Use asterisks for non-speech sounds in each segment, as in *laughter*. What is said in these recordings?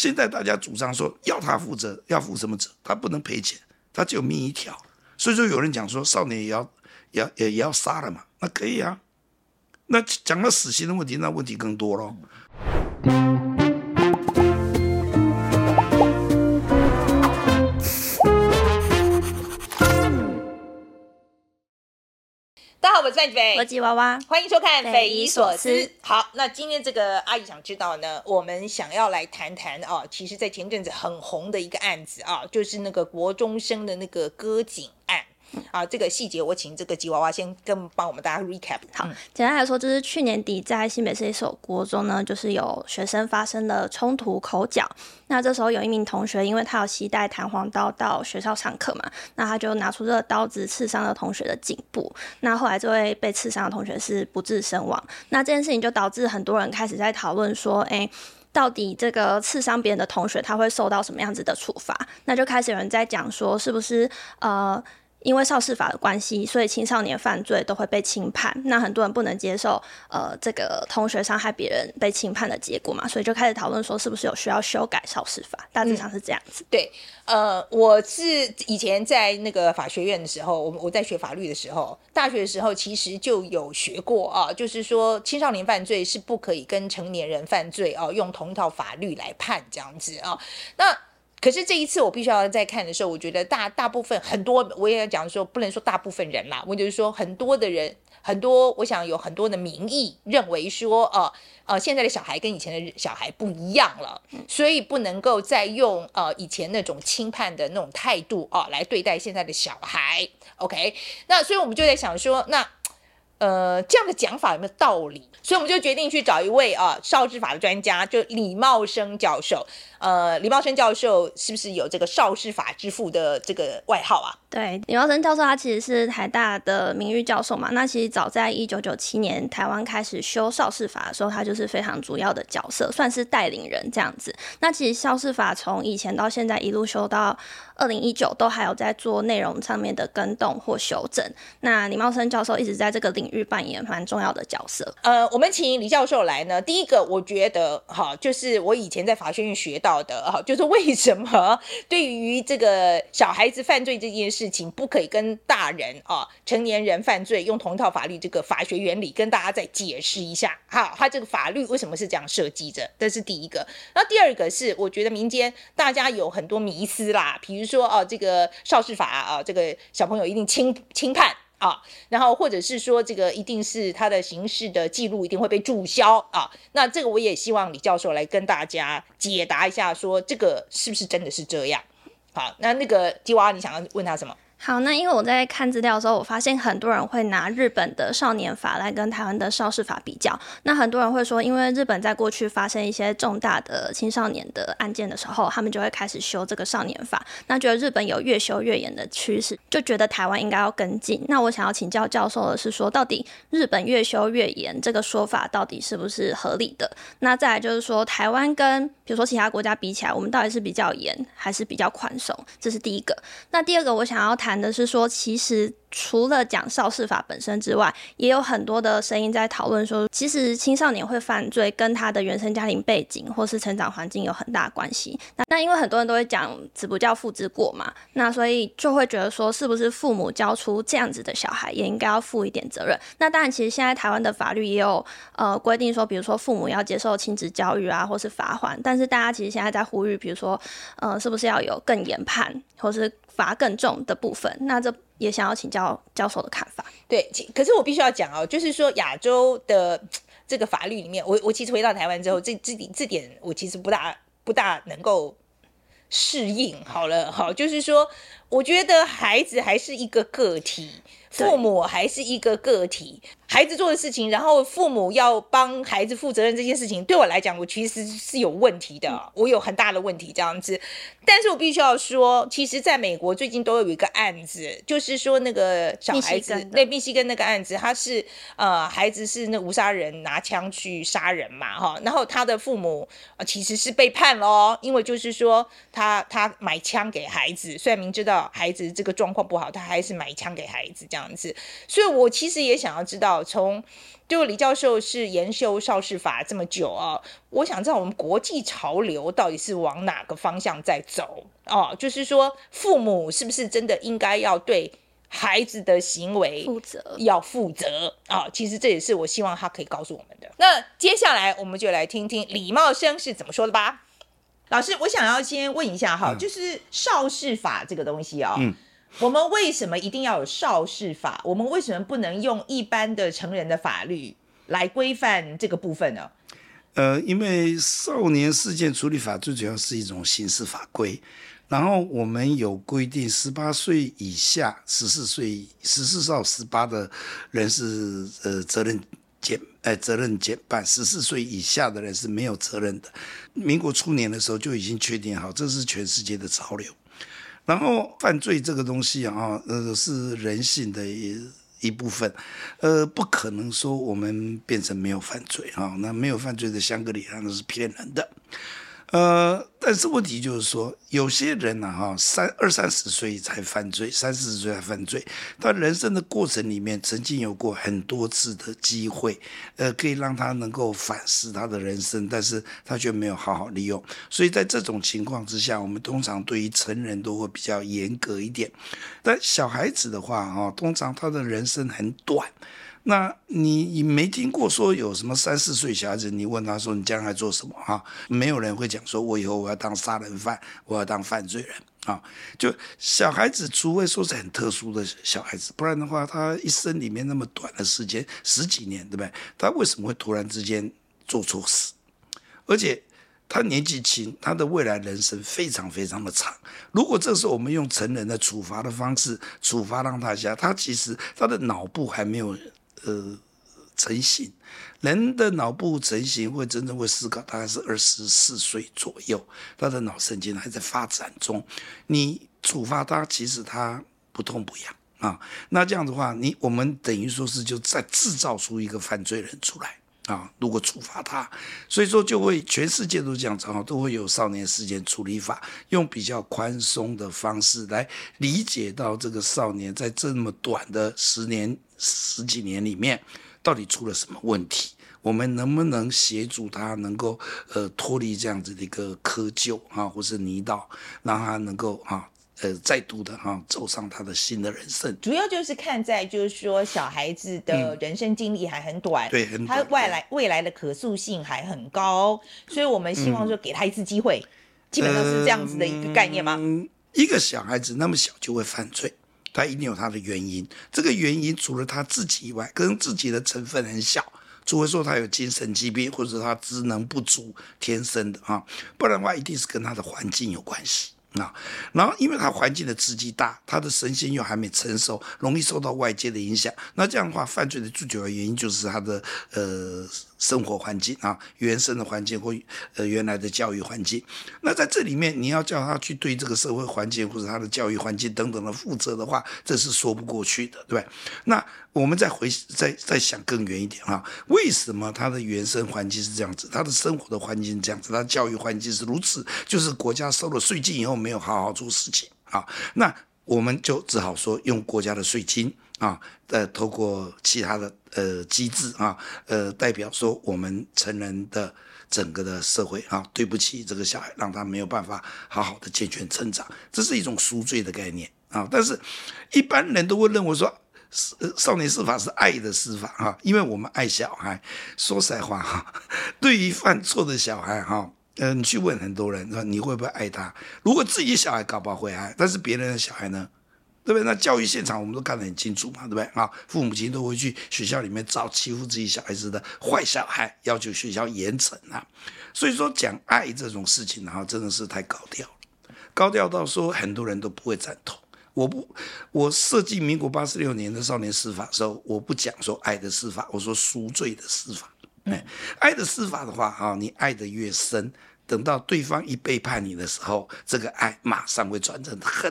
現在大家主張說要他負責，要負什麼責？他不能賠錢，他只有命一條。所以說有人講說少年也要，要，也要殺了嘛，那可以啊。那講到死刑的問題，那問題更多咯。嗯吉哇哇，歡迎收看《斐姨所思》。思好，那今天這個阿姨想知道呢，我們想要來談談啊，其實，在前陣子很紅的一個案子啊，就是那個國中生的那個割頸。啊，這個細節我請這個吉娃娃先跟幫我們大家 recap。好，簡單來說，就是去年底在新北市一所國中呢，就是有學生發生了衝突口角。那這時候有一名同學，因為他有攜帶彈簧刀到學校上課嘛，那他就拿出這個刀子刺傷了同學的頸部。那後來這位被刺傷的同學是不治身亡。那這件事情就導致很多人開始在討論說，誒、欸，到底這個刺傷別人的同學他會受到什麼樣子的處罰？那就開始有人在講說，是不是呃，因為少事法的關係，所以青少年犯罪都會被輕判。那很多人不能接受，呃，這個同學傷害別人被輕判的結果嘛，所以就開始討論說，是不是有需要修改少事法？大致上是這樣子，嗯。對，呃，我是以前在那個法學院的時候，我我在學法律的時候，大學的時候其實就有學過啊，就是說青少年犯罪是不可以跟成年人犯罪哦、啊、用同一套法律來判這樣子啊。那可是這一次我必須要再看的時候，我覺得大大部分很多，我也要講說，不能說大部分人啦，我就是說很多的人，很多，我想有很多的民意認為說，呃呃，現在的小孩跟以前的小孩不一樣了，所以不能夠再用呃以前那種輕判的那種態度啊、呃、來對待現在的小孩。OK，那所以我們就在想說，那呃這樣的講法有沒有道理？所以我們就決定去找一位啊、呃、少事法的專家，就李茂生教授。呃，李茂生教授是不是有這個《少事法之父》的這個外號啊？對，李茂生教授他其實是台大的名譽教授嘛。那其實早在一九九七年台灣開始修《少事法》的時候，他就是非常主要的角色，算是帶領人這樣子。那其實《少事法》從以前到現在一路修到二零一九，都還有在做內容上面的更動或修正。那李茂生教授一直在這個領域扮演蠻重要的角色。呃，我們請李教授來呢，第一個我覺得哈，就是我以前在法學院學到。道德哈、啊，就是為什麼對於這個小孩子犯罪這件事情，不可以跟大人啊、成年人犯罪用同一套法律，這個法學原理，跟大家再解釋一下哈，他這個法律為什麼是這樣設計的？這是第一個。那第二個是，我覺得民間大家有很多迷思啦，比如說哦、啊，這個少事法啊，這個小朋友一定輕輕判。啊，然後或者是說，這個一定是他的刑事的記錄一定會被註銷啊。那這個我也希望李教授來跟大家解答一下，說這個是不是真的是這樣？好、啊，那那個吉哇哇，你想要問他什麼？好，那因為我在看資料的時候，我發現很多人會拿日本的少年法來跟台灣的少事法比較。那很多人會說，因為日本在過去發生一些重大的青少年的案件的時候，他們就會開始修這個少年法，那覺得日本有越修越嚴的趨勢，就覺得台灣應該要跟進。那我想要請教教授的是說，說到底日本越修越嚴這個說法到底是不是合理的？那再來就是說，台灣跟比如說其他國家比起來，我們到底是比較嚴還是比較寬鬆？這是第一個。那第二個，我想要談。談的是說，其實除了講少事法本身之外，也有很多的聲音在討論說，其實青少年會犯罪跟他的原生家庭背景或是成長環境有很大關係。那那因為很多人都會講子不教父之過嘛，那所以就會覺得說，是不是父母教出這樣子的小孩也應該要負一點責任？那當然，其實現在台灣的法律也有呃規定說，比如說父母要接受親子教育啊，或是罰鍰。但是大家其實現在在呼籲，比如說呃，是不是要有更嚴判，或是？罰更重的部分，那這也想要請教教授的看法。對，可是我必須要講哦，就是說亞洲的這個法律裡面，我我其實回到台灣之後，嗯、這這點這點我其實不大不大能夠適應。好了，好，就是說，我覺得孩子還是一個個體，父母還是一個個體。孩子做的事情，然後父母要幫孩子負責任這些事情，對我來講，我其實是有問題的，我有很大的問題這樣子。但是我必須要說，其實在美國最近都有一個案子，就是說那個小孩子，密那密西根那個案子，他是呃孩子是那無殺人拿槍去殺人嘛，哈，然後他的父母其實是被判咯，因為就是說他他買槍給孩子，雖然明知道孩子這個狀況不好，他還是買槍給孩子這樣子。所以我其實也想要知道。從就李教授是研修少事法這麼久啊、哦，我想知道我們國際潮流到底是往哪個方向在走哦？就是說，父母是不是真的應該要對孩子的行為負責？要負責啊、哦？其實這也是我希望他可以告訴我們的。那接下來我們就來聽聽李茂生是怎麼說的吧。老師，我想要先問一下哈、哦，嗯、就是少事法這個東西啊、哦。嗯我們為什麼一定要有少事法？我們為什麼不能用一般的成人的法律來規範這個部分呢？呃，因為少年事件處理法最主要是一種刑事法規，然後我們有規定，十八歲以下、十四歲十四到十八的人是呃責任減，呃責任減半，十四歲以下的人是沒有責任的。民國初年的時候就已經確定好，這是全世界的潮流。然後犯罪這個東西啊，呃，是人性的一一部分，呃，不可能說我們變成沒有犯罪啊，哦，那沒有犯罪的香格里拉那是騙人的。呃，但是問題就是說，有些人呢，哈，三二三十歲才犯罪，三四十歲才犯罪，他人生的過程裡面曾經有過很多次的機會，呃，可以讓他能夠反思他的人生，但是他卻沒有好好利用。所以在這種情況之下，我們通常對於成人都會比較嚴格一點。但小孩子的話，哈，通常他的人生很短。那你你沒聽過說有什麼三四歲的小孩子？你問他說你將來做什麼？哈，沒有人會講說我以後我要當殺人犯，我要當犯罪人啊！就小孩子，除非說是很特殊的小孩子，不然的話，他一生裡面那麼短的時間，十幾年，對不對？他為什麼會突然之間做錯事？而且他年紀輕，他的未來人生非常非常的長。如果這時候我們用成人的處罰的方式處罰讓他下，他其實他的腦部還沒有。呃，成型，人的腦部成型會真正會思考，大概是二十四歲左右，他的腦神經還在發展中。你處罰他，其實他不痛不癢啊。那這樣的話，你我們等於說是就再製造出一個犯罪人出來啊。如果處罰他，所以說就會全世界都講，講，哦，都會有少年事件處理法，用比較寬鬆的方式來理解到這個少年在這麼短的十年。十幾年裡面，到底出了什麼問題？我們能不能協助他能夠呃脫離這樣子的一個窠臼，啊，或是泥沼，讓他能夠啊呃再度的哈走、啊、上他的新的人生？主要就是看在就是說小孩子的人生經歷還很短，嗯、對，很短，他未來未來的可塑性還很高，所以我們希望說給他一次機會，嗯、基本上是這樣子的一個概念嗎？嗯、一個小孩子那麼小就會犯罪。他一定有他的原因，這個原因除了他自己以外，跟自己的成分很小，除非說他有精神疾病，或者他智能不足，天生的啊，不然的話一定是跟他的環境有關係。啊，然後因為他環境的刺激大，他的身心又還沒成熟，容易受到外界的影響。那這樣的話，犯罪的最主要原因就是他的呃生活環境啊，原生的環境或呃原來的教育環境。那在這裡面，你要叫他去對這個社會環境或者他的教育環境等等的負責的話，這是說不過去的，對吧？那我們再回再再想更遠一點啊，為什麼他的原生環境是這樣子，他的生活的環境是這樣子，他的教育環境是如此？就是國家收了稅金以後。沒有好好做事情啊，那我們就只好說用國家的稅金啊，再透過其他的呃機制啊，呃，代表說我們成人的整個的社會啊，對不起這個小孩，讓他沒有辦法好好的健全成長，這是一種贖罪的概念啊。但是一般人都會認為說，少年司法是愛的司法啊，因為我們愛小孩，說實話哈，對於犯錯的小孩哈。呃，你去問很多人，說你會不會愛他？如果自己小孩搞不好會愛，但是別人的小孩呢？對不對？那教育現場我們都看得很清楚嘛，對不對？啊，父母親都會去學校裡面找欺負自己小孩子的壞小孩，要求學校嚴懲啊。所以說講愛這種事情，然後真的是太高調了，高調到說很多人都不會贊同。我不，我設計民國八十六年的少年司法的時候，我不講說愛的司法，我說贖罪的司法。嗯、哎，愛的司法的話，啊，你愛得越深。等到對方一背叛你的時候，這個愛馬上會轉成恨，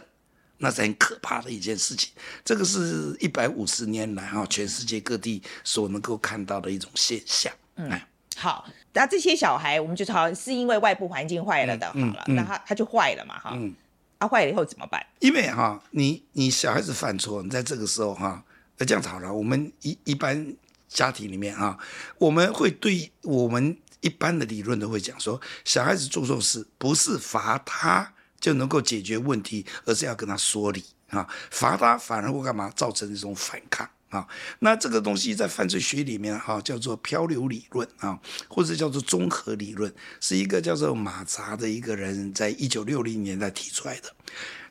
那是很可怕的一件事情。這個是一百五十年來哈全世界各地所能夠看到的一種現象。嗯，來。好，那這些小孩，我們就是好像是因為外部環境壞了的，好了，那他他就壞了嘛哈。嗯，啊，壞了以後怎麼辦？因為哈，你你小孩子犯錯，你在這個時候哈，這樣子好了，我們一一般家庭裡面啊，我們會對我們。一般的理論都會講說，小孩子做錯事不是罰他就能夠解決問題，而是要跟他說理啊，罰他反而會幹嘛？造成一種反抗啊。那這個東西在犯罪學裡面哈叫做漂流理論啊，或者叫做綜合理論，是一個叫做馬扎的一個人在一九六零年代提出來的。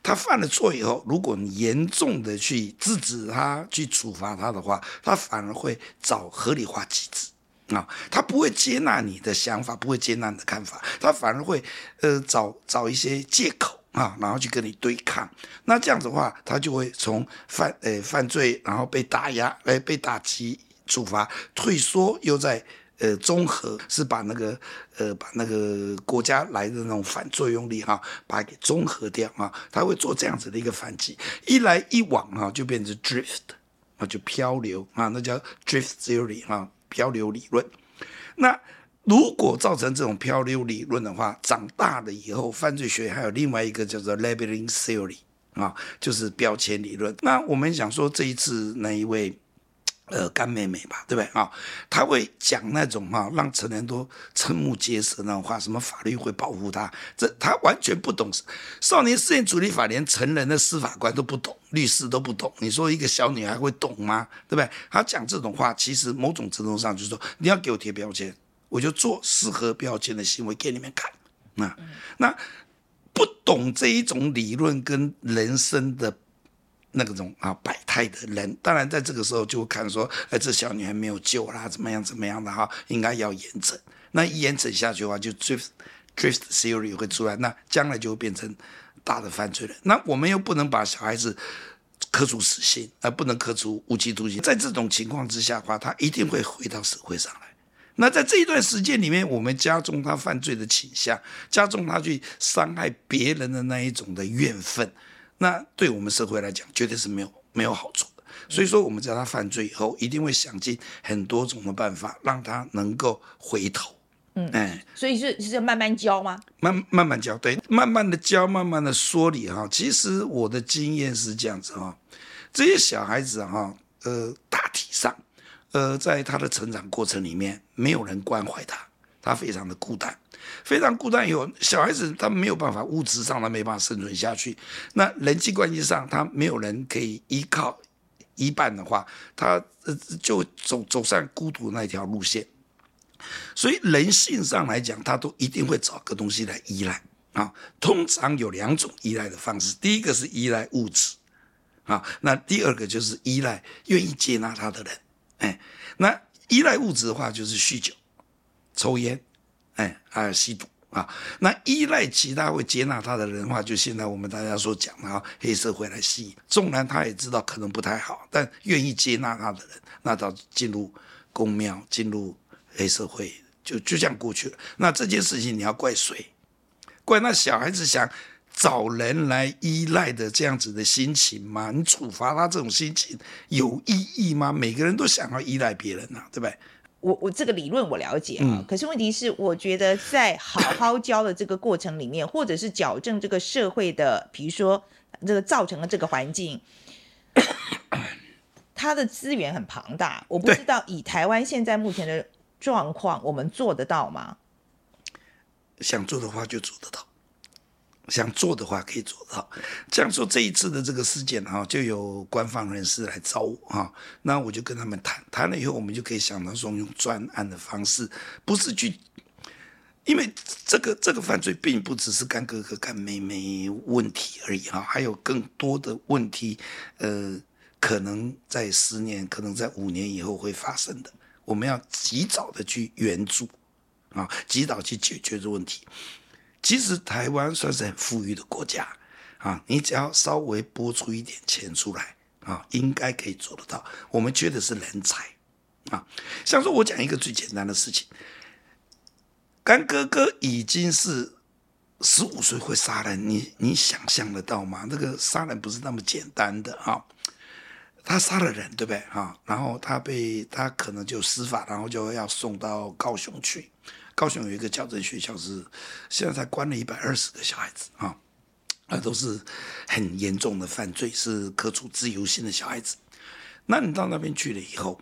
他犯了錯以後，如果你嚴重的去制止他、去處罰他的話，他反而會找合理化機制。啊、哦，他不會接納你的想法，不會接納你的看法，他反而會，呃，找找一些借口啊、哦，然後去跟你對抗。那這樣子的話，他就會從犯，呃，犯罪，然後被打壓，哎、呃，被打擊、處罰，退縮，又在，呃，中和，是把那個，呃，把那個國家來的那種反作用力哈、哦，把它給中和掉啊、哦。他會做這樣子的一個反擊，一來一往啊、哦，就變成 drift，啊、哦，就漂流啊、哦，那叫 drift theory 啊、哦。漂流理論，那如果造成這種漂流理論的話，長大了以後，犯罪學還有另外一個叫做 labeling theory 啊，就是標籤理論。那我們想說這一次哪一位？呃，乾妹妹吧，對不對啊、哦？他會講那種哈、哦，讓成人都瞠目結舌那種話，什麼法律會保護他？這他完全不懂。少年事件處理法連成人的司法官都不懂，律師都不懂。你說一個小女孩會懂嗎？對不對？他講這種話，其實某種程度上就是說，你要給我貼標籤，我就做適合標籤的行為給你們看。嗯嗯、那不懂這一種理論跟人生的。那個種啊百態的人，當然在這個時候就會看說，哎、呃，這小女孩沒有救啦，怎麼樣怎麼樣的哈，應該要嚴懲。那一嚴懲下去的話，就 drift Drift Theory 會出來，那將來就會變成大的犯罪人。那我們又不能把小孩子科處死刑，而、呃、不能科處無期徒刑。在這種情況之下的話，他一定會回到社會上來。那在這一段時間裡面，我們加重他犯罪的傾向，加重他去傷害別人的那一種的怨憤。那對我們社會來講，絕對是沒有沒有好處的。所以說，我們在他犯罪以後，一定會想盡很多種的辦法，讓他能夠回頭。嗯，哎，所以是是要慢慢教嗎？慢慢慢教，對，慢慢的教，慢慢的說理哈。其實我的經驗是這樣子哈，這些小孩子哈，呃，大體上，呃，在他的成長過程裡面，沒有人關懷他，他非常的孤單。非常孤單以後，有小孩子，他沒有辦法物質上，他沒辦法生存下去。那人際關係上，他沒有人可以依靠，一半的話，他就走走上孤獨那條路線。所以人性上來講，他都一定會找個東西來依賴啊、哦。通常有兩種依賴的方式，第一個是依賴物質啊、哦，那第二個就是依賴願意接納他的人。哎，那依賴物質的話，就是酗酒、抽煙。哎，啊，吸毒啊，那依賴其他會接納他的人的話，就現在我們大家所講的啊，然後黑社會來吸引。縱然他也知道可能不太好，但願意接納他的人，那到進入宮廟、進入黑社會，就就這樣過去了。那這件事情你要怪誰？怪那小孩子想找人來依賴的這樣子的心情嗎？你處罰他這種心情有意義嗎？每個人都想要依賴別人吶、啊，對不對？我我這個理論我了解啊，嗯。可是問題是，我覺得在好好教的這個過程裡面， *laughs* 或者是矯正這個社會的，比如說這個造成了這個環境， *coughs* 它的資源很龐大，我不知道以台灣現在目前的狀況，我們做得到嗎？想做的話就做得到。想做的話可以做到。這樣說，這一次的這個事件哈，就有官方人士來找我哈，那我就跟他們談談了以後，我們就可以想到說，用專案的方式，不是去，因為這個這個犯罪並不只是乾哥哥乾妹妹問題而已哈，還有更多的問題，呃，可能在十年，可能在五年以後會發生的，我們要及早的去援助，啊，及早去解決這問題。其實台灣算是很富裕的國家啊，你只要稍微撥出一點錢出來啊，應該可以做得到。我們缺的是人才啊。像說我講一個最簡單的事情，乾哥哥已經是十五歲會殺人，你你想象得到嗎？那個殺人不是那麼簡單的啊。他殺了人，對不對啊？然後他被他可能就司法，然後就要送到高雄去。高雄有一個矯正學校是，現在才關了一百二十個小孩子啊，那都是很嚴重的犯罪，是可處自由刑的小孩子。那你到那邊去了以後，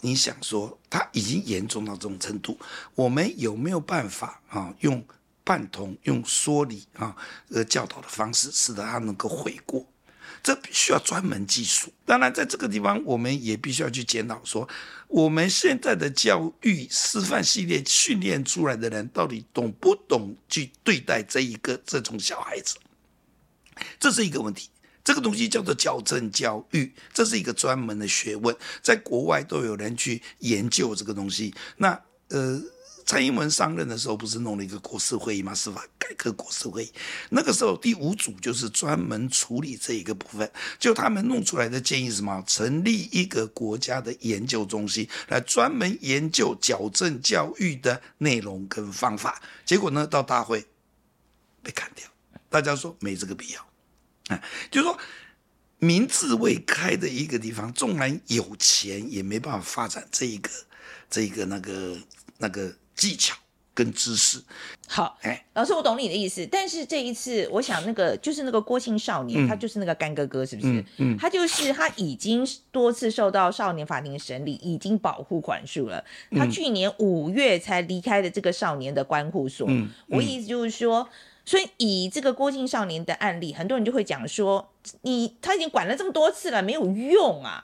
你想說他已經嚴重到這種程度，我們有沒有辦法啊，用半同用說理啊，呃教導的方式，使得他能夠悔過？這必須要專門技術。當然，在這個地方，我們也必須要去檢討，說我們現在的教育師範系列訓練出來的人，到底懂不懂去對待這一個這種小孩子？這是一個問題。這個東西叫做矯正教育，這是一個專門的學問，在國外都有人去研究這個東西。那呃。蔡英文上任的時候，不是弄了一個國是會議嗎？司法改革國是會議，那個時候第五組就是專門處理這一個部分，就他們弄出來的建議是什麼？成立一個國家的研究中心，來專門研究矯正教育的內容跟方法。結果呢，到大會被砍掉，大家說沒這個必要，啊，就是說，民智未開的一個地方，縱然有錢，也沒辦法發展這一個、這一個、那個、那個。技巧跟知識，好哎，老師，我懂你的意思。但是這一次，我想那個就是那個郭姓少年，嗯，他就是那個乾哥哥，是不是？嗯，嗯，他就是他已經多次受到少年法庭審理，已經保護管束了。他去年五月才離開的這個少年的關護所嗯。嗯，我意思就是說，所以以這個郭姓少年的案例，很多人就會講說，你他已經管了這麼多次了，沒有用啊。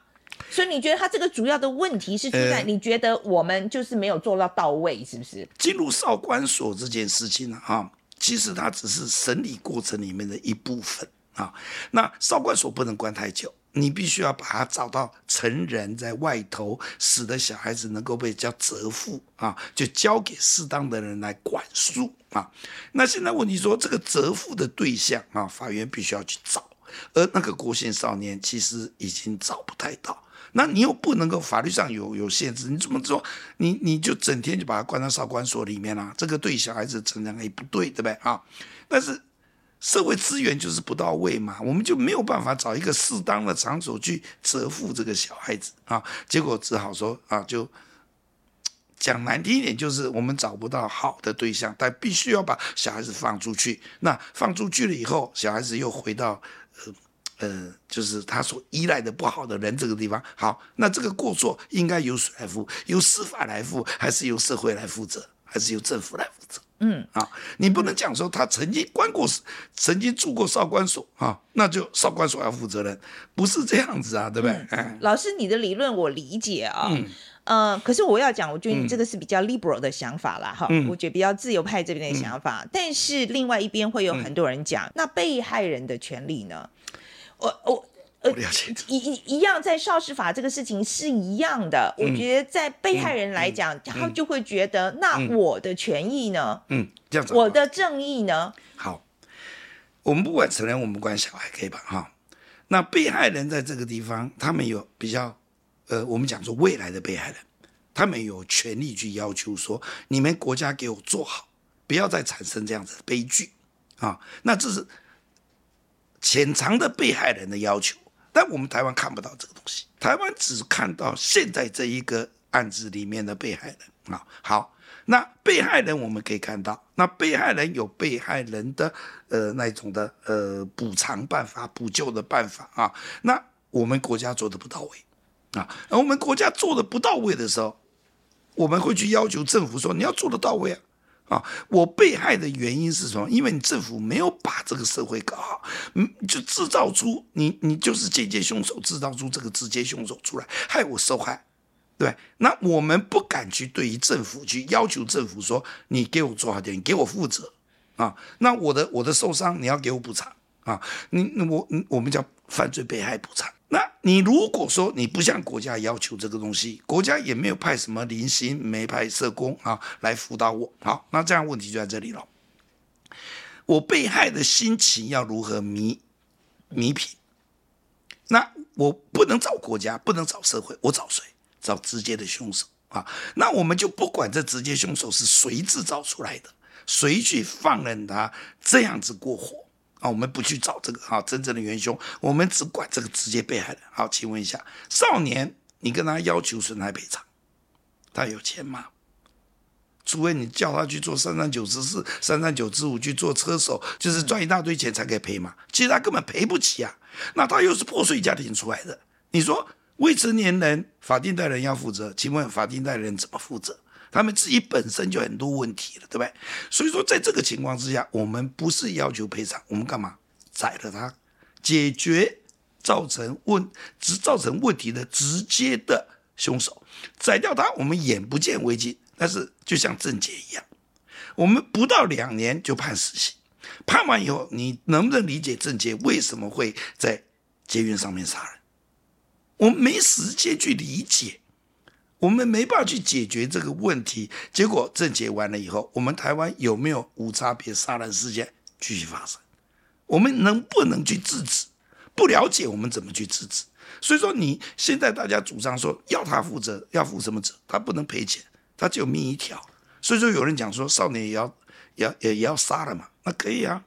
所以你覺得他這個主要的問題是出在你覺得我們就是沒有做到到位，是不是？進、呃、入少管所這件事情呢？哈，其實它只是審理過程裡面的一部分啊。那少管所不能關太久，你必須要把它找到成人在外頭，使得小孩子能夠被交責付啊，就交給適當的人來管束啊。那現在問題說這個責付的對象啊，法院必須要去找，而那個郭姓少年其實已經找不太到。那你又不能夠法律上有有限制，你怎麼說？你你就整天就把他關在少管所裡面啦，這個對小孩子成長也不對，對不對啊？但是社會資源就是不到位嘛，我們就沒有辦法找一個適當的場所去折服這個小孩子啊。結果只好說啊，就講難聽一點，就是我們找不到好的對象，但必須要把小孩子放出去。那放出去了以後，小孩子又回到呃。呃，就是他所依賴的不好的人這個地方好。那這個過錯應該由誰來負？由司法來負，還是由社會來負責，還是由政府來負責？嗯啊、哦，你不能講說他曾經關過，曾經住過少管所啊、哦，那就少管所要負責任，不是這樣子啊，對不對？哎、嗯，老師，你的理論我理解啊、哦，嗯，呃，可是我要講，我覺得你這個是比較 liberal 的想法啦，哈、嗯，嗯、我覺得比較自由派這邊的想法，嗯、但是另外一邊會有很多人講，嗯嗯、那被害人的權利呢？我我呃，一一一樣，在少事法這個事情是一樣的。我覺得在被害人來講，他就會覺得，那我的權益呢？嗯，這樣子。我的正義呢？好，我們不管成人，我們不管小孩，可以吧？哈、哦，那被害人在這個地方，他們有比較，呃，我們講說未來的被害人，他們有權利去要求說，你們國家給我做好，不要再產生這樣子的悲劇啊、哦。那這是。潛藏的被害人的要求，但我們台灣看不到這個東西，台灣只看到現在這一個案子裡面的被害人啊。好，那被害人我們可以看到，那被害人有被害人的呃那種的呃補償辦法、補救的辦法啊。那我們國家做的不到位啊，我們國家做的不到位的時候，我們會去要求政府說你要做得到位啊。啊，我被害的原因是什麼？因為你政府沒有把這個社會搞好，嗯，就製造出你，你就是間接兇手，製造出這個直接兇手出來，害我受害，對。那我們不敢去對於政府去要求政府說，你給我做好點，你給我負責，啊，那我的我的受傷你要給我補償。啊，你我你我們叫犯罪被害補償。那你如果說你不向國家要求這個東西，國家也沒有派什麼臨時，沒派社工啊來輔導我。好，那這樣問題就在這裡了。我被害的心情要如何彌彌平？那我不能找國家，不能找社會，我找誰？找直接的凶手啊！那我們就不管這直接凶手是誰制造出來的，誰去放任他這樣子過火。啊，我們不去找這個啊，真正的元兇，我們只管這個直接被害人。好，啊，請問一下，少年，你跟他要求損害賠償，他有錢嗎？除非你叫他去做三三九十四、三三九十五，去做車手，就是賺一大堆錢才可以賠嘛？其實他根本賠不起啊。那他又是破碎家庭出來的，你說未成年人法定代理人要負責，請問法定代理人怎麼負責？他們自己本身就很多問題了，對不對？所以說，在這個情況之下，我們不是要求賠償，我們幹嘛？宰了他，解決造成問、直造成問題的直接的凶手，宰掉他，我們眼不見為淨。但是就像鄭捷一樣，我們不到兩年就判死刑，判完以後，你能不能理解鄭捷為什麼會在捷運上面殺人？我們沒時間去理解。我們沒辦法去解決這個問題，結果鄭捷完了以後，我們台灣有沒有無差別殺人事件繼續發生？我們能不能去制止？不了解我們怎麼去制止。所以說，你現在大家主張說要他負責，要負什麼責？他不能賠錢，他只有命一條。所以說，有人講說少年也要，也也也要殺了嘛，那可以啊。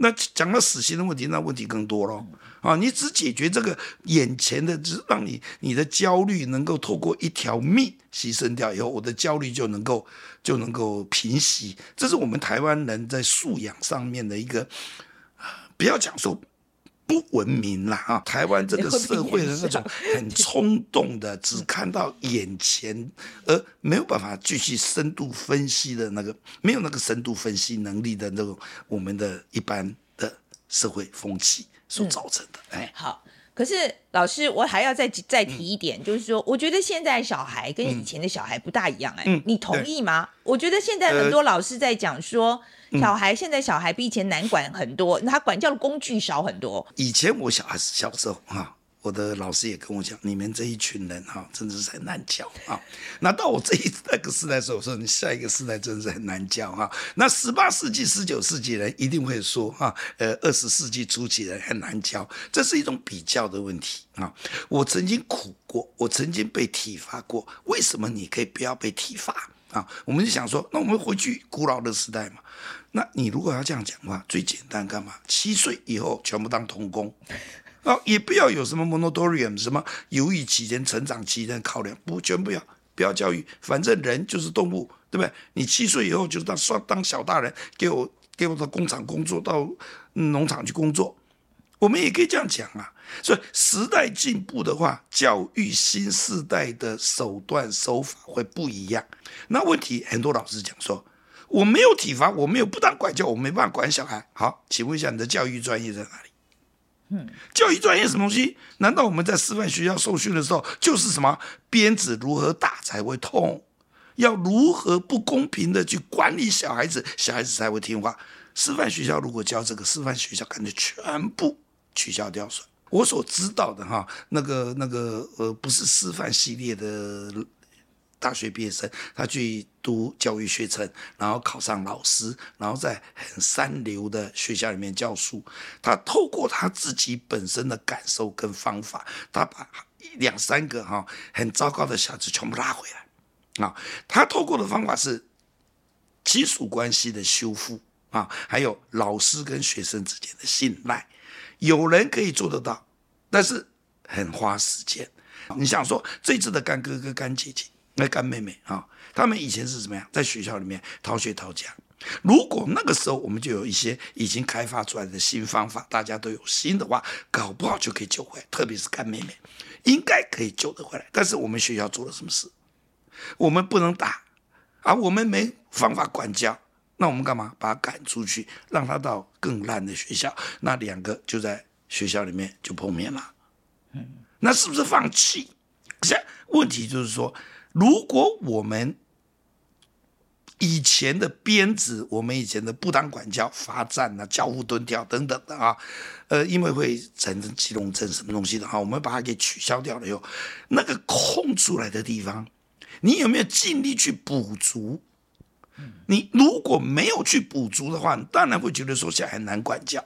那講到死刑的問題，那問題更多了啊！你只解決這個眼前的，只讓你你的焦慮能夠透過一條命犧牲掉以後，我的焦慮就能夠就能夠平息。這是我們台灣人在素養上面的一個，啊，不要講說。不文明啦。啊！台灣這個社會的那種很衝動的，就是、只看到眼前而沒有辦法繼續深度分析的那個，沒有那個深度分析能力的那種，我們的一般的社會風氣所造成的。哎、嗯，好。可是老師，我還要再再提一點，嗯、就是說，我覺得現在小孩跟以前的小孩不大一樣、欸。哎、嗯，嗯、你同意嗎？嗯、我覺得現在很多老師在講說、呃。小孩、嗯、現在小孩比以前難管很多，他管教的工具少很多。以前我小孩是小時候，我的老師也跟我講，你們這一群人哈，真的是很難教啊。那到我這一那個時代的時候，我說你下一個時代真的是很難教。那十八世紀、十九世紀人一定會說，呃，二十世紀初期人很難教，這是一種比較的問題啊。我曾經苦過，我曾經被體罰過，為什麼你可以不要被體罰啊？我們就想說，那我們回去古老的時代嘛。那你如果要這樣講的話，最簡單幹嘛？七歲以後全部當童工，哦，也不要有什麼 moratorium 什麼猶豫期間、成長期間考量，不，全部要不要教育？反正人就是動物，對不對？你七歲以後就是當當小大人，給我給我到工廠工作，到農場去工作。我們也可以這樣講啊。所以時代進步的話，教育新時代的手段手法會不一樣。那問題很多老師講說。我沒有體罰，我沒有不當管教，我沒辦法管小孩。好，請問一下，你的教育專業在哪裡？嗯，教育專業什麼東西？難道我們在師範學校受訓的時候就是什麼鞭子如何打才會痛，要如何不公平的去管理小孩子，小孩子才會聽話？師範學校如果教這個，師範學校乾脆全部取消掉算了。我所知道的哈，那個那個呃，不是師範系列的，大學畢業生，他去讀教育學程，然後考上老師，然後在很三流的學校裡面教書。他透過他自己本身的感受跟方法，他把兩三個哈很糟糕的小子全部拉回來。啊，他透過的方法是基礎關係的修復啊，還有老師跟學生之間的信賴。有人可以做得到，但是很花時間。你想說，這次的乾哥哥乾姐姐。那幹妹妹啊、哦，他們以前是怎麼樣？在學校裡面逃學逃家。如果那個時候我們就有一些已經開發出來的新方法，大家都有心的話，搞不好就可以救回來。特別是幹妹妹，應該可以救得回來。但是我們學校做了什麼事？我們不能打啊，我們沒方法管教，那我們幹嘛？把他趕出去，讓他到更爛的學校。那兩個就在學校裡面就碰面了。嗯，那是不是放棄？現在問題就是說，如果我們以前的鞭子，我們以前的不當管教，罰站啊、交互蹲跳等等的啊，呃，因為會產生雞籠症什麼東西的哈，我們把它給取消掉了以後，那個空出來的地方，你有沒有盡力去補足？你如果沒有去補足的話，你當然會覺得說現在很難管教。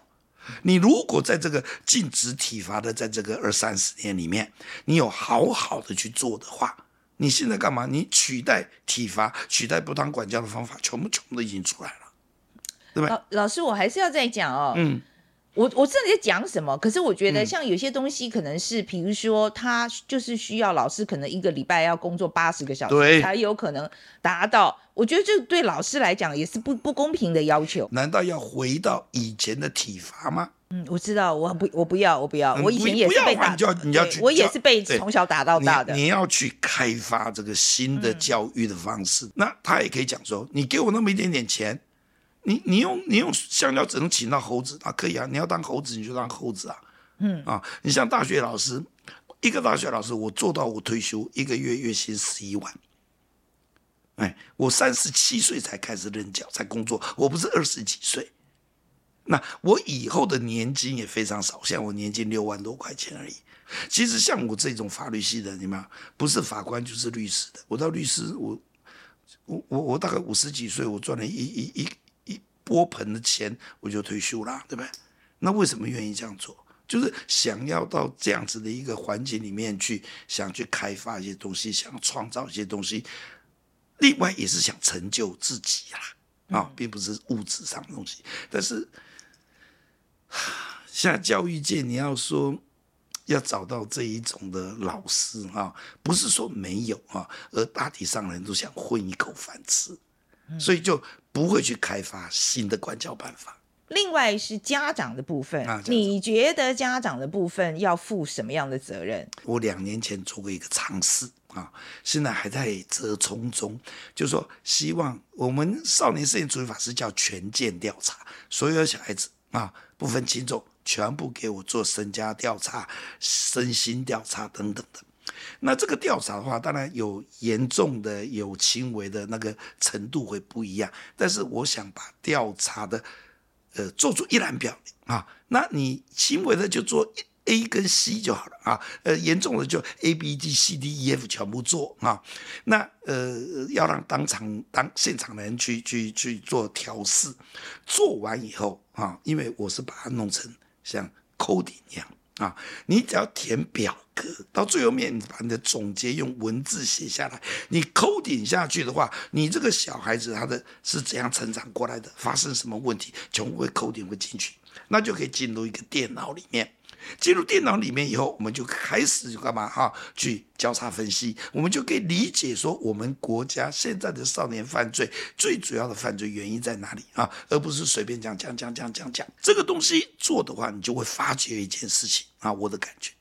你如果在這個禁止體罰的，在這個二三十年裡面，你有好好的去做的話，你現在幹嘛？你取代體罰，取代不當管教的方法，全部全部都已經出來了，對，對老，老師，我還是要再講哦。嗯，我我知道你在講什麼？可是我覺得，像有些東西，可能是，比如說，他就是需要老師，可能一個禮拜要工作八十個小時，對才有可能達到。我覺得這對老師來講也是不不公平的要求。難道要回到以前的體罰嗎？嗯，我知道，我不，我不要，我不要，嗯、我以前也不要打對我也是被從小打到大的你。你要去開發這個新的教育的方式，嗯、那他也可以講說，你給我那麼一點點錢，你你用你用香蕉只能請到猴子啊，可以啊，你要當猴子你就當猴子啊，嗯啊，你像大學老師，一個大學老師，我做到我退休，一個月月薪十一萬，哎，我三十七歲才開始任教才工作，我不是二十幾歲。那我以後的年金也非常少，像我年金六萬多塊錢而已。其實像我這種法律系的，你們不是法官就是律師的。我到律師，我我我我大概五十幾歲，我賺了一一一一波盆的錢，我就退休啦，對不對？那為什麼願意這樣做？就是想要到這樣子的一個環境裡面去，想去開發一些東西，想創造一些東西。另外也是想成就自己啦，啊、哦，並不是物質上的東西，但是。下教育界，你要說要找到這一種的老師啊，不是說沒有啊，而大體上人都想混一口飯吃，嗯、所以就不會去開發新的管教辦法。另外是家長的部分，啊、你覺得家長的部分要負什麼樣的責任？我兩年前做過一個嘗試啊，現在還在折衝中，就是、說希望我們少年事件處理法是叫全件調查所有小孩子啊。不分輕重全部給我做身家調查、身心調查等等的。那這個調查的話，當然有嚴重的、有輕微的，那個程度會不一樣。但是我想把調查的，呃，做出一覽表啊。那你輕微的就做一。A 跟 C 就好了啊，呃，嚴重的就 A、B、D、C、D、E、F 全部做啊，那呃要讓當場當現場的人去去去做調試，做完以後啊，因為我是把它弄成像 coding 一樣啊，你只要填表格，到最後面你把你的總結用文字寫下來，你 coding 下去的話，你這個小孩子他的是怎樣成長過來的，發生什麼問題，全部會 coding 會進去，那就可以進入一個電腦裡面。進入電腦裡面以後，我們就開始幹嘛哈、啊？去交叉分析，我們就可以理解說，我們國家現在的少年犯罪最主要的犯罪原因在哪裡啊？而不是隨便講講講講講講。這個東西做的話，你就會發覺一件事情啊，我的感覺，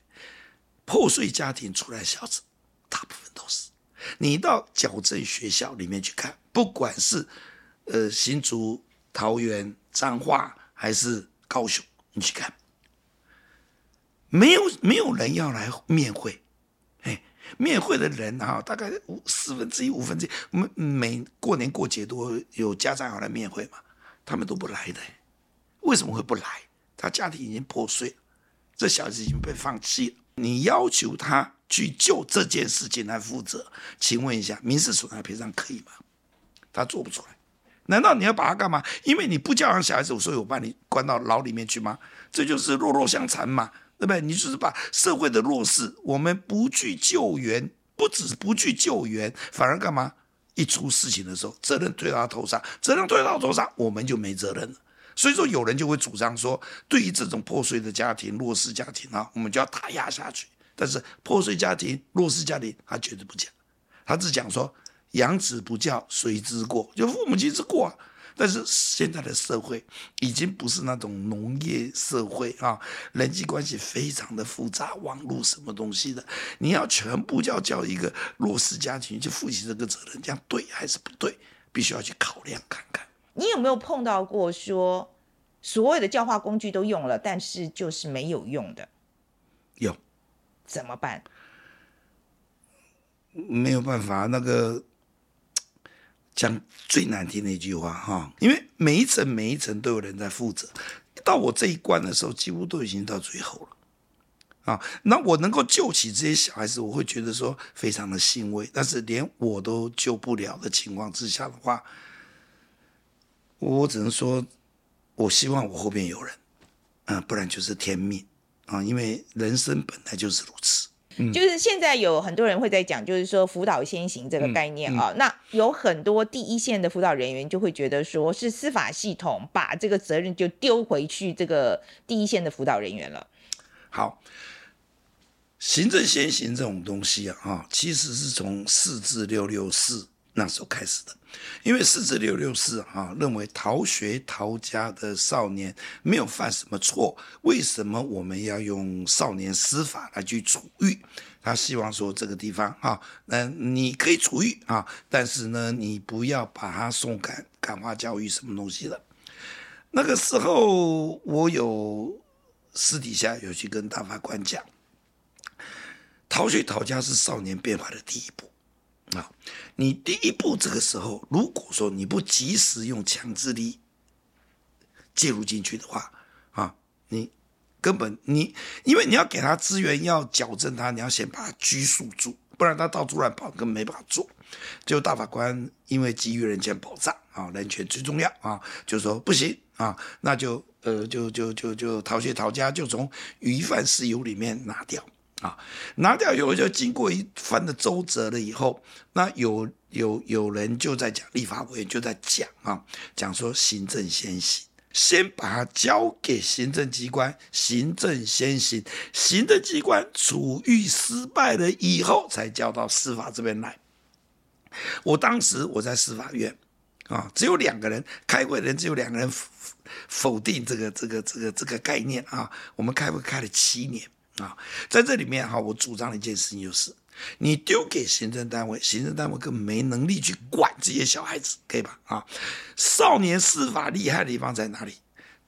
破碎家庭出來小子，大部分都是。你到矯正學校裡面去看，不管是呃新竹、桃園、彰化還是高雄，你去看。沒有沒有人要來面會，哎，面會的人哈、哦，大概五四分之一、五分之一，每每過年過節都有家長要來面會嘛，他們都不來的，為什麼會不來？他家庭已經破碎了，這小孩子已經被放棄了，你要求他去就這件事情來負責，請問一下，民事損害賠償可以嗎？他做不出來，難道你要把他幹嘛？因為你不教養小孩子，所以我把你關到牢裡面去嗎？這就是弱肉相殘嘛。對不對？你就是把社會的弱勢，我們不去救援，不只是不去救援，反而幹嘛？一出事情的時候，責任推到他頭上，責任推到他頭上，我們就沒責任了。所以說，有人就會主張說，對於這種破碎的家庭、弱勢家庭啊，我們就要打壓下去。但是破碎家庭、弱勢家庭，他絕對不講，他只講說“養子不教，誰之過？就父母親之過啊。”但是現在的社會已經不是那種農業社會啊，人際關係非常的複雜，網絡什麼東西的，你要全部叫叫一個弱勢家庭去負起這個責任，這樣對還是不對？必須要去考量看看。你有沒有碰到過說所有的教化工具都用了，但是就是沒有用的？有，怎麼辦？沒有辦法，那個。講最難聽的一句話哈，因為每一層每一層都有人在負責，到我這一關的時候，幾乎都已經到最後了，啊，那我能夠救起這些小孩子，我會覺得說非常的欣慰。但是連我都救不了的情況之下的話，我只能說，我希望我後面有人，嗯，不然就是天命啊，因為人生本來就是如此。就是現在有很多人會在講，就是說輔導先行這個概念啊、哦，嗯、那有很多第一線的輔導人員就會覺得說是司法系統把這個責任就丟回去這個第一線的輔導人員了。好，行政先行這種東西啊，其實是從四至六六四。那時候開始的，因為釋字六六四啊，認為逃學逃家的少年沒有犯什麼錯，為什麼我們要用少年司法來去處遇？他希望說這個地方啊，嗯，你可以處遇啊，但是呢，你不要把他送感感化教育什麼東西的。那個時候，我有私底下有去跟大法官講，逃學逃家是少年變壞的第一步。啊，你第一步這個時候，如果說你不及時用強制力介入進去的話，啊，你根本你，因為你要給他資源，要矯正他，你要先把他拘束住，不然他到處亂跑，根本沒辦法做。就大法官因為給予人權保障啊，人權最重要啊，就說不行啊，那就呃，就就就就，就逃學逃家，就從虞犯事由裡面拿掉。啊，拿掉以後就經過一番的周折了以後，那有有有人就在講，立法委員就在講啊，講說行政先行，先把它交給行政機關，行政先行，行政機關處遇失敗了以後，才交到司法這邊來。我當時我在司法院，啊，只有兩個人開會的人只有兩個人否定這個這個這個這個概念啊，我們開會開了七年。啊，在這裡面哈，我主張的一件事情就是，你丟給行政單位，行政單位更沒能力去管這些小孩子，可以吧？啊，少年司法厲害的地方在哪裡？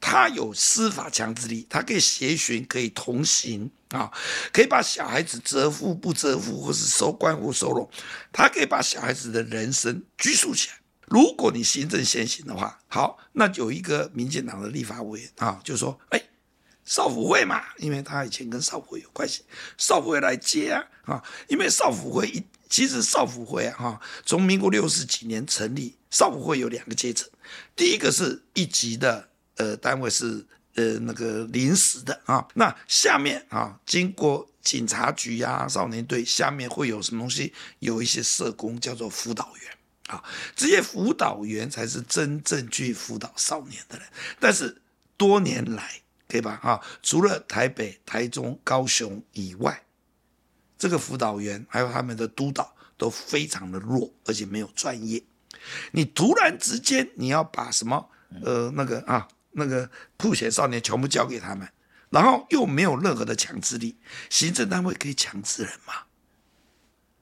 他有司法強制力，他可以協尋，可以同行啊，可以把小孩子責付、不責付，或是收官或收攏，他可以把小孩子的人生拘束起來。如果你行政先行的話，好，那有一個民進黨的立法委員啊，就說，哎、欸。少輔會嘛，因為他以前跟少輔會有關係，少輔會來接啊啊！因為少輔會一其實少輔會啊哈、啊，從民國六十幾年成立，少輔會有兩個階層，第一個是一級的呃單位是呃那個臨時的啊，那下面啊，經過警察局呀、啊、少年隊下面會有什麼東西？有一些社工叫做輔導員啊，這些輔導員才是真正去輔導少年的人，但是多年來。對吧？啊，除了台北、台中、高雄以外，這個輔導員還有他們的督導都非常的弱，而且沒有專業。你突然之間你要把什麼呃那個啊那個曝險少年全部交給他們，然後又沒有任何的強制力，行政單位可以強制人嘛。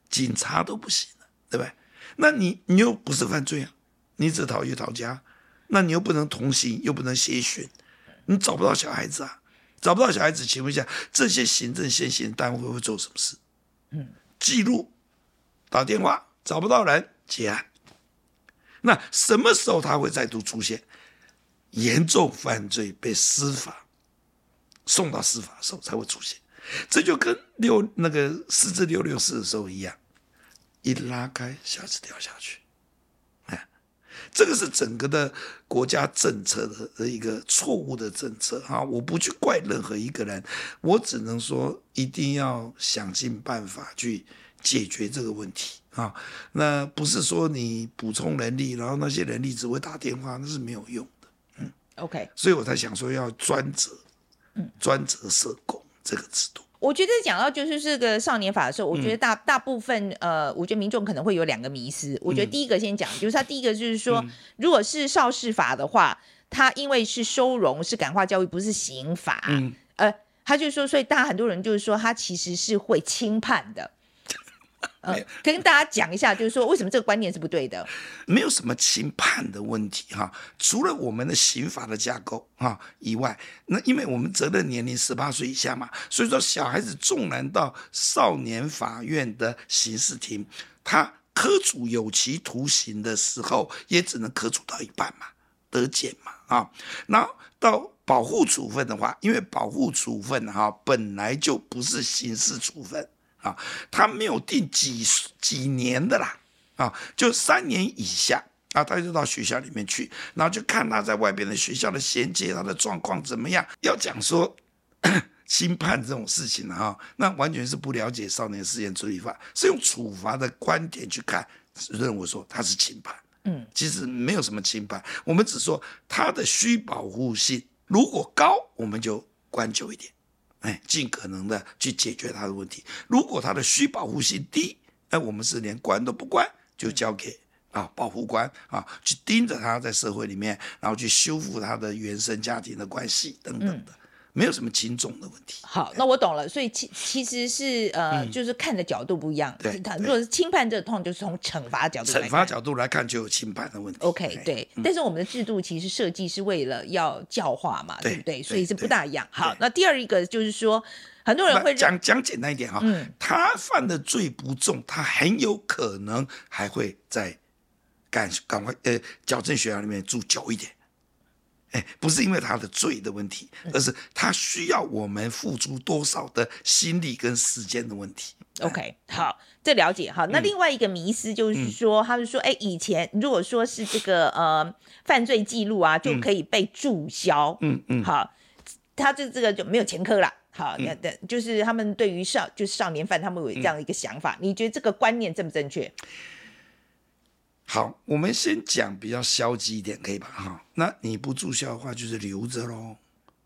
警察都不行了，對不對？那你你又不是犯罪啊，你只逃學逃家，那你又不能同行，又不能協尋。你找不到小孩子啊？找不到小孩子，請問一下，這些行政先行單位會做什麼事？嗯，記錄，打電話，找不到人，結案。那什麼時候他會再度出現？嚴重犯罪被司法送到司法的時候才會出現。這就跟六那個四四六六四的時候一樣，一拉開，下次掉下去。這個是整個的國家政策的一個錯誤的政策啊！我不去怪任何一個人，我只能說一定要想盡辦法去解決這個問題啊！那不是說你補充人力，然後那些人力只會打電話，那是沒有用的。嗯，OK，所以我才想說要專責，嗯，專責社工這個制度。我覺得講到就是這個少年法的時候，我覺得大、嗯、大部分呃，我覺得民眾可能會有兩個迷思。我覺得第一個先講，嗯、就是他第一個就是說，嗯、如果是少事法的話，他因為是收容、是感化教育，不是刑法。呃、嗯，他就是說，所以大家很多人就是說，他其實是會輕判的。呃，跟大家講一下，就是說為什麼這個觀念是不對的。沒有什麼輕判的問題哈，除了我們的刑法的架構哈以外，那因為我們責任年齡十八歲以下嘛，所以說小孩子縱然到少年法院的刑事庭，他科處有期徒刑的時候，也只能科處到一半嘛，得減嘛啊。那到保護處分的話，因為保護處分哈本來就不是刑事處分。啊，他沒有定幾幾年的啦，啊，就三年以下，啊，他就到學校裡面去，然後就看他在外邊的學校的銜接，他的狀況怎麼樣，要。要講說輕判這種事情啊，那完全是不了解少年事件處理法，是用處罰的觀點去看，認為說他是輕判，嗯，其實沒有什麼輕判，我們只說他的需保護性如果高，我們就關久一點。哎，盡可能的去解決他的問題。如果他的需保護性低，那、哎、我們是連管都不管，就交給啊保護官啊去盯着他，在社會裡面，然後去修復他的原生家庭的關係等等的。嗯沒有什麼輕重的問題。好，那我懂了，所以其其實是呃，嗯、就是看的角度不一樣。對，他如果是輕判，這個，這痛就是從懲罰角度。懲罰角度來看就有輕判的問題。O、okay, K，對。嗯、但是我們的制度其實設計是為了要教化嘛，對，對不對？所以是不大一樣。好，對那第二一個就是說，很多人會講講簡單一點哈、哦，嗯、他犯的罪不重，他很有可能還會在趕趕快呃矯正學校裡面住久一點。不是因為他的罪的問題，而是他需要我們付出多少的心力跟時間的問題。OK，好，這了解。好，那另外一個迷思就是說，嗯、他們說，哎，以前如果說是這個呃犯罪記錄啊，嗯、就可以被注銷，嗯嗯，嗯好，他這這個就沒有前科了。好，那對、嗯，就是他們對於少就是少年犯，他們有這樣的一個想法，嗯、你覺得這個觀念正不正確？好，我們先講比較消極一點，可以吧？哈、嗯，那你不註銷的話，就是留着嘍，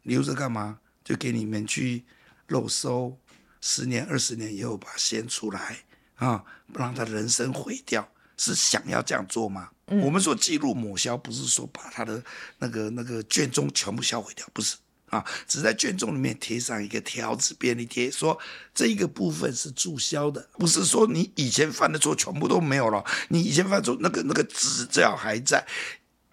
留着幹嘛？就給你們去漏收，十年、二十年以後把它掀出來啊，不、嗯嗯、讓他人生毀掉，是想要這樣做嗎？嗯、我們說記錄抹消，不是說把他的那個那個卷宗全部銷毀掉，不是。啊，只在卷宗裡面貼上一個條子便利貼，說這一個部分是註銷的，不是說你以前犯的錯全部都沒有了。你以前犯錯那個那個資料還在。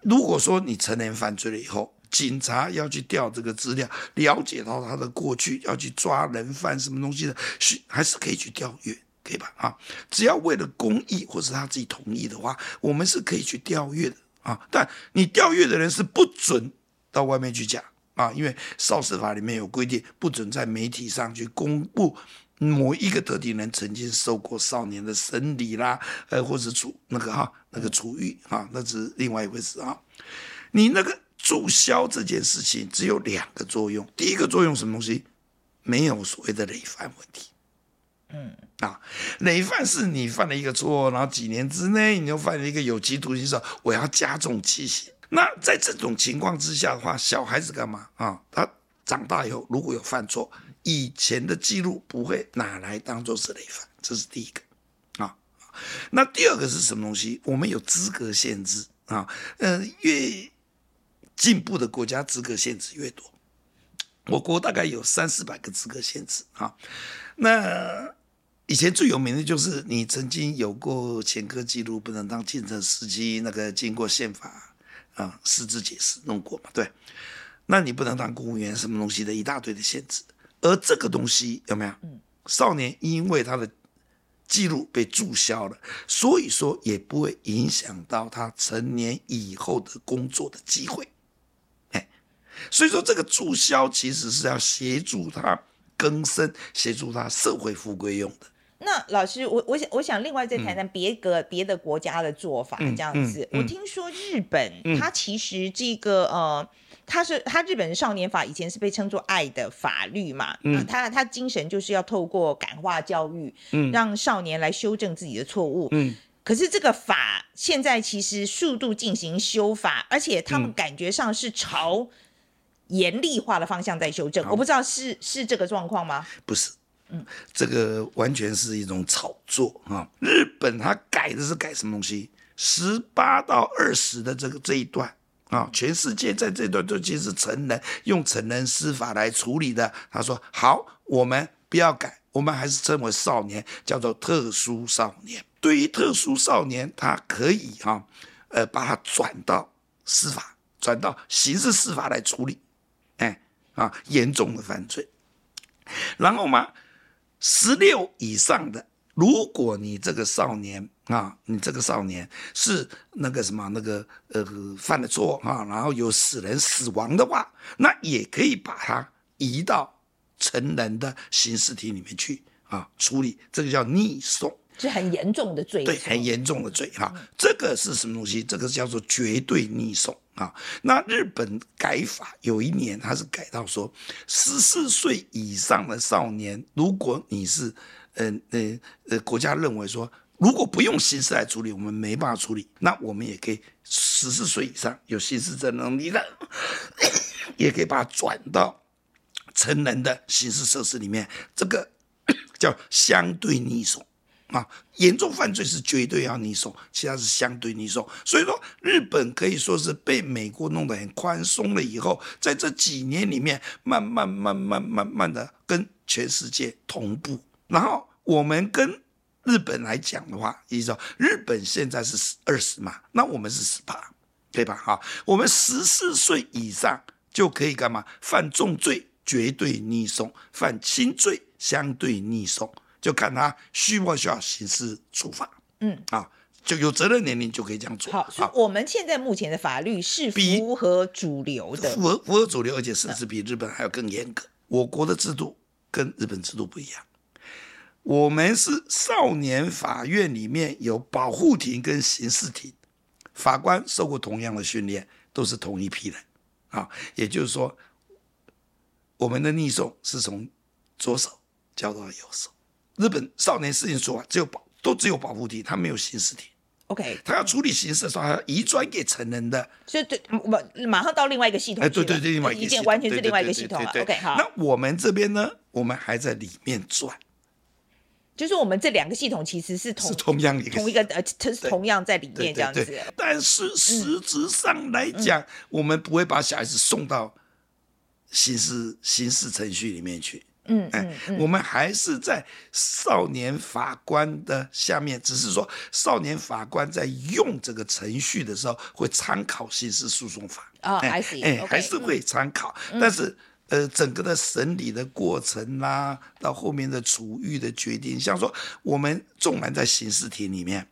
如果說你成年犯罪了以後，警察要去調這個資料，了解到他的過去，要去抓人犯什麼東西的，是還是可以去調閱，可以吧？啊，只要為了公益或是他自己同意的話，我們是可以去調閱的啊。但你調閱的人是不准到外面去講。啊，因為少事法裡面有規定，不准在媒體上去公布某一個特定人曾經受過少年的審理啦，呃，或者處那個哈，那個處遇啊、那個、啊，那是另外一回事啊。你那個註銷這件事情，只有兩個作用。第一個作用什麼東西？沒有所謂的累犯問題。嗯，啊，累犯是你犯了一個錯，然後幾年之內你又犯了一個有期徒刑，說我要加重其刑。那在這種情況之下的話，小孩子幹嘛啊、哦？他長大以後如果有犯錯，以前的記錄不會拿來當做是累犯，這是第一個啊、哦。那第二個是什麼東西？我們有資格限制啊，嗯，越進步的國家資格限制越多。我國大概有三四百個資格限制啊、哦。那以前最有名的就是你曾經有過前科記錄，不能當計程車司機，那個經過憲法。啊，私自、嗯、解釋弄過嘛？對，那你不能當公務員，什麼東西的一大堆的限制。而這個東西有沒有？嗯，少年因為他的記錄被注銷了，所以說也不會影響到他成年以後的工作的機會。哎，所以說這個注銷其實是要協助他更生，協助他社會復歸用的。那老師，我我想我想另外再談談別個別的國家的做法這樣子。嗯嗯嗯、我聽說日本，嗯、它其實這個呃，它是它日本的少年法以前是被稱作「愛的法律」嘛，嗯嗯、它它精神就是要透過感化教育，嗯、讓少年來修正自己的錯誤。嗯。可是這個法現在其實速度進行修法，而且他們感覺上是朝嚴厲化的方向在修正。好我不知道是是這個狀況嗎？不是。嗯，這個完全是一種炒作啊、哦！日本他改的是改什麼東西？十八到二十的這個這一段啊、哦，全世界在這一段都其實是成人用成人司法來處理的。他說好，我們不要改，我們還是稱為少年，叫做特殊少年。對於特殊少年，他可以啊呃，把它轉到司法，轉到刑事司法來處理，哎，啊、哦，嚴重的犯罪，然後嘛。十六以上的，如果你這個少年啊，你這個少年是那個什麼那個呃犯了錯啊，然後有死人死亡的話，那也可以把他移到成人的刑事庭裡面去啊處理，這個叫逆送。是很嚴重的罪，對，很嚴重的罪哈。這個是什麼東西？這個叫做絕對逆送啊。那日本改法有一年，他是改到說，十四歲以上的少年，如果你是，呃呃呃，國家認為說，如果不用刑事來處理，我們沒辦法處理，那我們也可以十四歲以上有刑事責任能力的，也可以把它轉到成人的刑事設施裡面。這個叫相對逆送。啊，嚴重犯罪是絕對要逆送，其他是相對逆送。所以說，日本可以說是被美國弄得很寬鬆了以後，在這幾年裡面，慢慢慢慢慢慢的跟全世界同步。然後我們跟日本來講的話，意思是說，日本現在是二十嘛，那我們是十八，對吧？哈，我們十四歲以上就可以幹嘛？犯重罪絕對逆送，犯輕罪相對逆送。就看他需不需要刑事處罰，嗯啊，就有責任年齡就可以這樣做。好，啊、所以我們現在目前的法律是符合主流的，符合符合主流，而且甚至比日本還要更嚴格。嗯、我國的制度跟日本制度不一樣，我們是少年法院裡面有保護庭跟刑事庭，法官受過同樣的訓練，都是同一批人啊。也就是說，我們的逆送是從左手交到右手。日本少年事件說、啊、只有保都只有保護庭，他沒有刑事庭。OK，他要處理刑事的時候，還、嗯、要移轉給成人的，所以對，馬馬上到另外一個系統。哎，對對對，另外一個系統，完全是另外一個系統了、啊。OK，好。那我們這邊呢，我們還在裡面轉，就是我們這兩個系統其實是同是同樣一個同一個呃，它是對同樣在裡面這樣子對對對對。但是實質上來講，嗯、我們不會把小孩子送到刑事刑事程序裡面去。嗯，嗯，嗯、哎、我們還是在少年法官的下面，只是說少年法官在用這個程序的時候會參考刑事訴訟法啊，還是、oh, I see, 哎，okay, 還是會參考，嗯、但是呃，整個的審理的過程啦，到後面的處遇的決定，像說我們縱然在刑事庭裡面。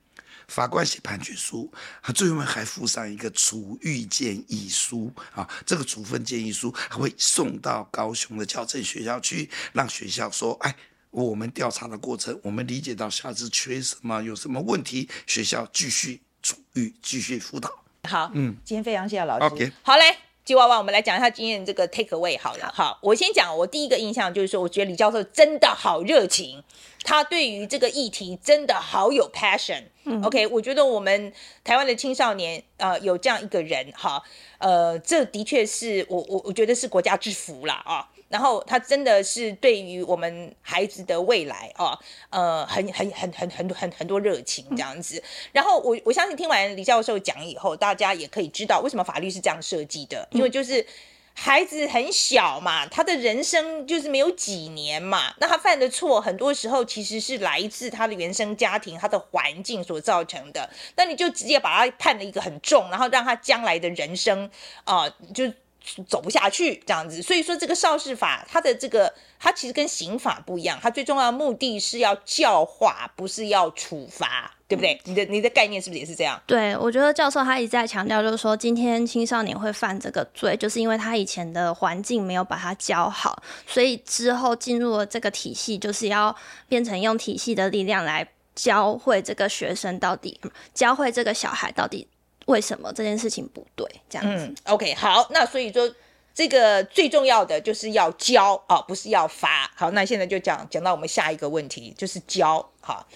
法官寫判決書，他最後還附上一個處遇建議書啊，這個處分建議書還會送到高雄的矯正學校去，讓學校說：哎，我們調查的過程，我們理解到下次缺什麼，有什麼問題，學校繼續處遇，繼續輔導。好，嗯，今天非常謝謝老師。嗯、OK，好嘞。吉哇哇，我們來講一下今天這個 takeaway 好了。好，我先講，我第一個印象就是說，我覺得李教授真的好熱情，他對於這個議題真的好有 passion。嗯、OK，我覺得我們台灣的青少年啊、呃，有這樣一個人哈，呃，這的確是我我我覺得是國家之福了啊。然後他真的是對於我們孩子的未來啊，呃，很很很很很很很多熱情這樣子。然後我我相信聽完李教授講以後，大家也可以知道為什麼法律是這樣設計的，因為就是孩子很小嘛，他的人生就是沒有幾年嘛，那他犯的錯很多時候其實是來自他的原生家庭、他的環境所造成的。那你就直接把他判了一個很重，然後讓他將來的人生啊，呃，就，走不下去這樣子，所以說這個少事法，它的這個它其實跟刑法不一樣，它最重要的目的是要教化，不是要處罰，對不對？你的你的概念是不是也是這樣？對，我覺得教授他一再強調，就是說今天青少年會犯這個罪，就是因為他以前的環境沒有把他教好，所以之後進入了這個體系，就是要變成用體系的力量來教會這個學生到底，教會這個小孩到底。為什麼這件事情不對？這樣，嗯，OK，好，那所以說，這個最重要的就是要教啊，哦，不是要罰。好，那現在就講，講到我們下一個問題，就是教。哈，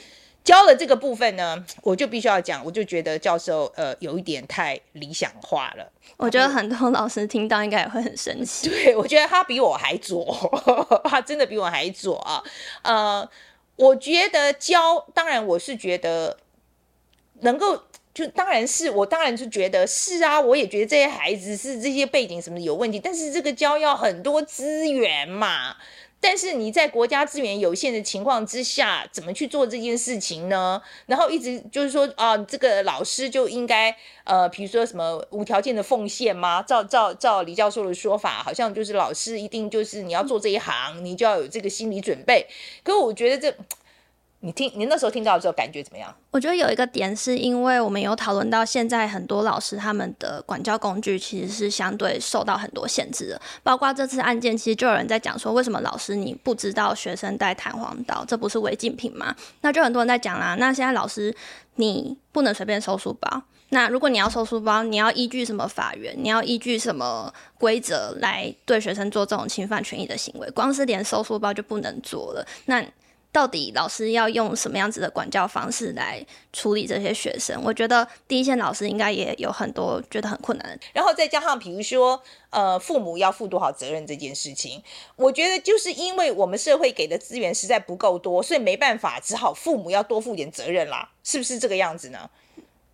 教的這個部分呢，我就必須要講，我就覺得教授呃有一點太理想化了。我覺得很多老師聽到應該也會很生氣，嗯。對，我覺得他比我還左，呵呵，他真的比我還左啊。呃，我覺得教，當然我是覺得能夠。就當然是，我當然是覺得是啊，我也覺得這些孩子是這些背景什麼的有問題，但是這個教要很多資源嘛，但是你在國家資源有限的情況之下，怎麼去做這件事情呢？然後一直就是說啊、呃，這個老師就應該呃，比如說什麼無條件的奉獻嗎？照照照李教授的說法，好像就是老師一定就是你要做這一行，你就要有這個心理準備。可是我覺得這。你聽，你那時候聽到之後感覺怎麼樣？我覺得有一個點是因為我們有討論到現在，很多老師他們的管教工具其實是相對受到很多限制的。包括這次案件，其實就有人在講說，為什麼老師你不知道學生帶彈簧刀，這不是違禁品嗎？那就很多人在講啦。那現在老師你不能隨便收書包。那如果你要收書包，你要依據什麼法源？你要依據什麼規則來對學生做這種侵犯權益的行為？光是連收書包就不能做了，那到底老師要用什麼樣子的管教方式來處理這些學生？我覺得第一線老師應該也有很多覺得很困難。然後再加上，比如說，呃，父母要負多少責任這件事情，我覺得就是因為我們社會給的資源實在不夠多，所以沒辦法，只好父母要多負點責任啦，是不是這個樣子呢？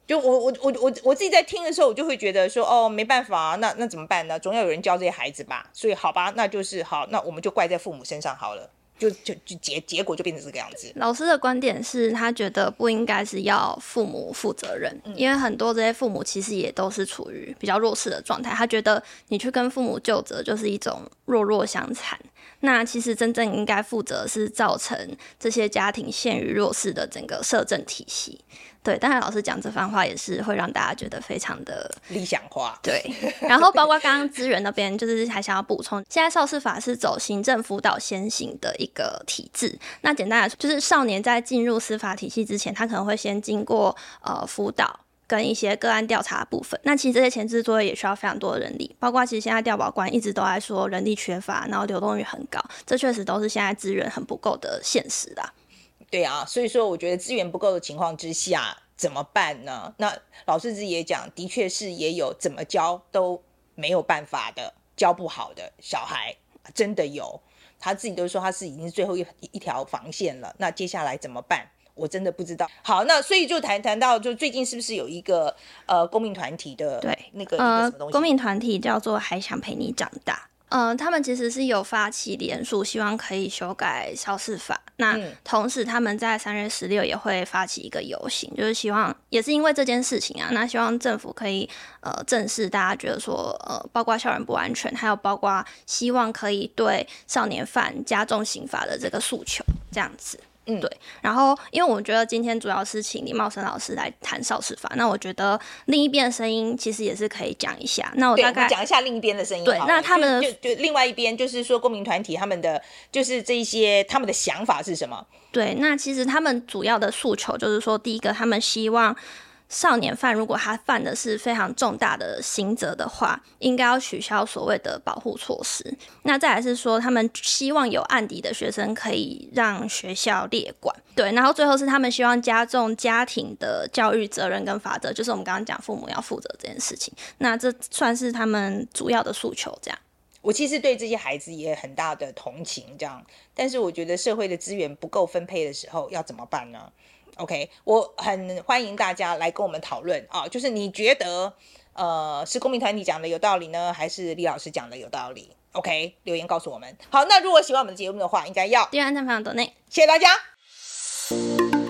就我我我我我自己在聽的時候，我就會覺得說，哦，沒辦法，那那怎麼辦呢？總要有人教這些孩子吧。所以好吧，那就是好，那我們就怪在父母身上好了。就就就結結果就變成這個樣子。老師的觀點是他覺得不應該是要父母負責任，嗯，因為很多這些父母其實也都是處於比較弱勢的狀態。他覺得你去跟父母究責就是一種弱弱相殘。那其實真正應該負責是造成這些家庭陷於弱勢的整個社政體系。對，當然老師講這番話也是會讓大家覺得非常的理想化。對，然後包括剛剛資源那邊， *laughs* 就是還想要補充，現在少事法是走行政輔導先行的一個體制。那簡單來說，就是少年在進入司法體系之前，他可能會先經過呃輔導跟一些個案調查的部分。那其實這些前置作業也需要非常多的人力，包括其實現在調保官一直都在說人力缺乏，然後流動率很高，這確實都是現在資源很不夠的現實啦。對啊，所以說我覺得資源不夠的情況之下怎麼辦呢？那老師自己也講，的確是也有怎麼教都沒有辦法的，教不好的小孩真的有，他自己都說他是已經是最後一一條防線了。那接下來怎麼辦？我真的不知道。好，那所以就談談到就最近是不是有一個呃公民團體的對那個什麼東西，呃、公民團體叫做還想陪你長大。嗯、呃，他們其實是有發起聯署，希望可以修改《少事法》。那同時，他們在三月十六也會發起一個遊行，嗯、就是希望也是因為這件事情啊，那希望政府可以呃正視大家覺得說呃，包括校園不安全，還有包括希望可以對少年犯加重刑罰的這個訴求，這樣子。嗯、對，然後因為我覺得今天主要是請李茂生老師來談少事法，那我覺得另一邊的聲音其實也是可以講一下。那我大概你講一下另一邊的聲音。對，那他們就就，就另外一邊，就是說公民團體他們的就是這一些他們的想法是什麼？對，那其實他們主要的訴求就是說，第一個他們希望。少年犯如果他犯的是非常重大的刑責的話，應該要取消所謂的保護措施。那再來是說，他們希望有案底的學生可以讓學校列管。對，然後最後是他們希望加重家庭的教育責任跟法則，就是我們剛剛講父母要負責這件事情。那這算是他們主要的訴求。這樣，我其實對這些孩子也有很大的同情。這樣，但是我覺得社會的資源不夠分配的時候，要怎麼辦呢？OK，我很歡迎大家來跟我們討論啊，就是你覺得，呃，是公民團體講的有道理呢，還是李老師講的有道理？OK，留言告訴我們。好，那如果喜歡我們的節目的話，應該要訂閱、按讚、分享、打內，謝謝大家。